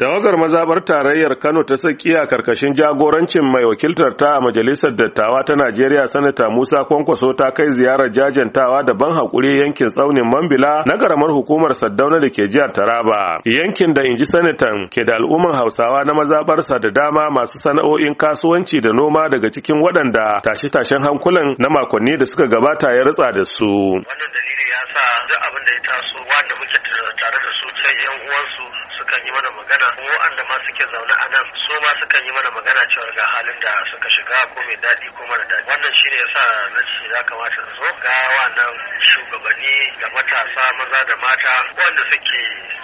Tawagar mazabar tarayyar Kano ta a karkashin jagorancin mai wakiltar ta a majalisar dattawa ta Najeriya Sanata Musa Kwankwaso ta kai ziyarar jajantawa da ban hakuri yankin tsaunin Mambila na karamar hukumar Saddauna da ke jihar Taraba. Yankin da inji sanatan ke da al'umman Hausawa na mazabarsa da dama masu sana'o'in kasuwanci da noma daga cikin waɗanda tashe-tashen hankulan na makonni da suka gabata ya ritsa da su. Wannan dalili sa duk abin da ya taso wanda muke tare da su sai yan uwansu sukan yi mana magana ko wanda ma suke zaune a nan su ma sukan yi mana magana cewa ga halin da suka shiga ko mai daɗi ko mara daɗi wannan shine yasa na ce ya kamata zo ga wannan shugabanni da matasa maza da mata wanda suke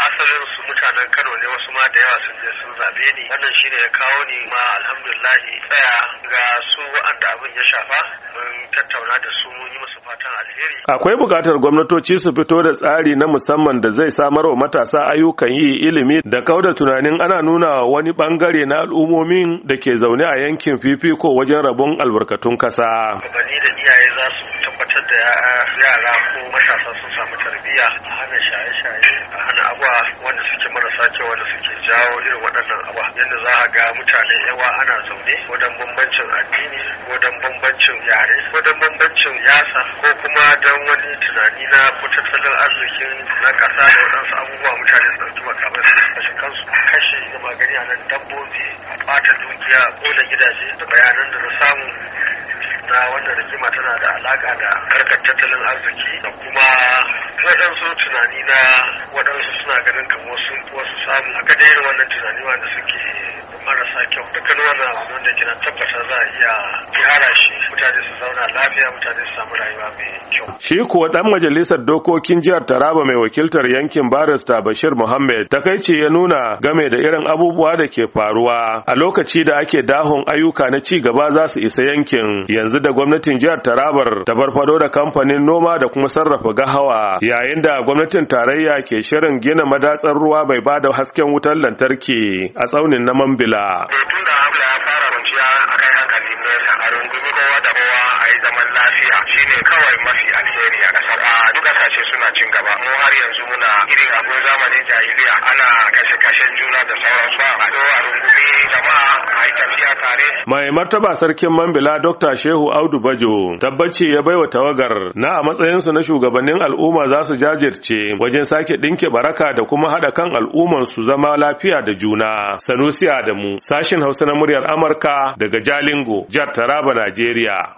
asalin su mutanen Kano ne wasu ma da yawa sun je sun zabe ni wannan shine ya kawo ni ma alhamdulillah Abdullahi tsaya ga su wa'anda abin ya shafa mun tattauna da su mun yi musu fatan alheri. Akwai buƙatar gwamnatoci su fito da tsari na musamman da zai samar wa matasa ayyukan yi ilimi da kauda tunanin ana nuna wani bangare na al'ummomin da ke zaune a yankin fifiko wajen rabon albarkatun kasa. Gwamnati da iyaye za su tabbatar da yara ko matasa sun samu tarbiyya a hana shaye-shaye a hana abuwa wanda suke marasa kyau wanda suke jawo irin waɗannan abuwa yadda za a ga mutane yawa ana zaune ko don bambancin addini ko don bambancin yare ko don bambancin yasa ko kuma don wani tunani na ko tattalin arzikin na ƙasa da waɗansu abubuwa mutane su ɗauki makamai su kashe kansu kashe gama gari a nan dabbobi a ɓata dukiya ko da gidaje da bayanan da na samu na wannan rigima tana da alaka da harkar tattalin arziki da kuma waɗansu tunani na waɗansu suna ganin kamar wasu samu a gadayar wannan tunani wanda suke Shikuwa kyau dukkan wannan da kina tabbata za a iya gyara shi mutane su zauna lafiya mutane su samu rayuwa mai kyau. Shi kuwa dan majalisar dokokin jihar Taraba mai wakiltar yankin barista Bashir Muhammad takaici ya nuna game da irin abubuwa da ke faruwa a lokaci da ake dahon ayyuka na ci gaba za su isa yankin yanzu da gwamnatin jihar Tarabar ta farfado da kamfanin noma da kuma sarrafa gahawa yayin da gwamnatin tarayya ke shirin gina madatsar ruwa mai bada hasken wutar lantarki a tsaunin na Mambila. ba. Tun da Abla ya fara kwanciya a kai hankali nesa a rungumi kowa da kowa a yi zaman lafiya shine kawai mafi alheri a ƙasar. A duk kasashe suna cin gaba. Mu har yanzu muna irin abun zamanin jahiliya ana kashe-kashen juna da sauransu. Mai martaba sarkin Mambila Dr. Shehu Audu Bajo tabbaci ya baiwa tawagar na a matsayinsu na shugabannin al'umma za su jajirce wajen sake ɗinke baraka da kuma haɗa kan al'umman su zama lafiya da juna. Sanusi Adamu, sashin Hausa na muryar Amurka daga Jalingo, jihar Taraba, Najeriya.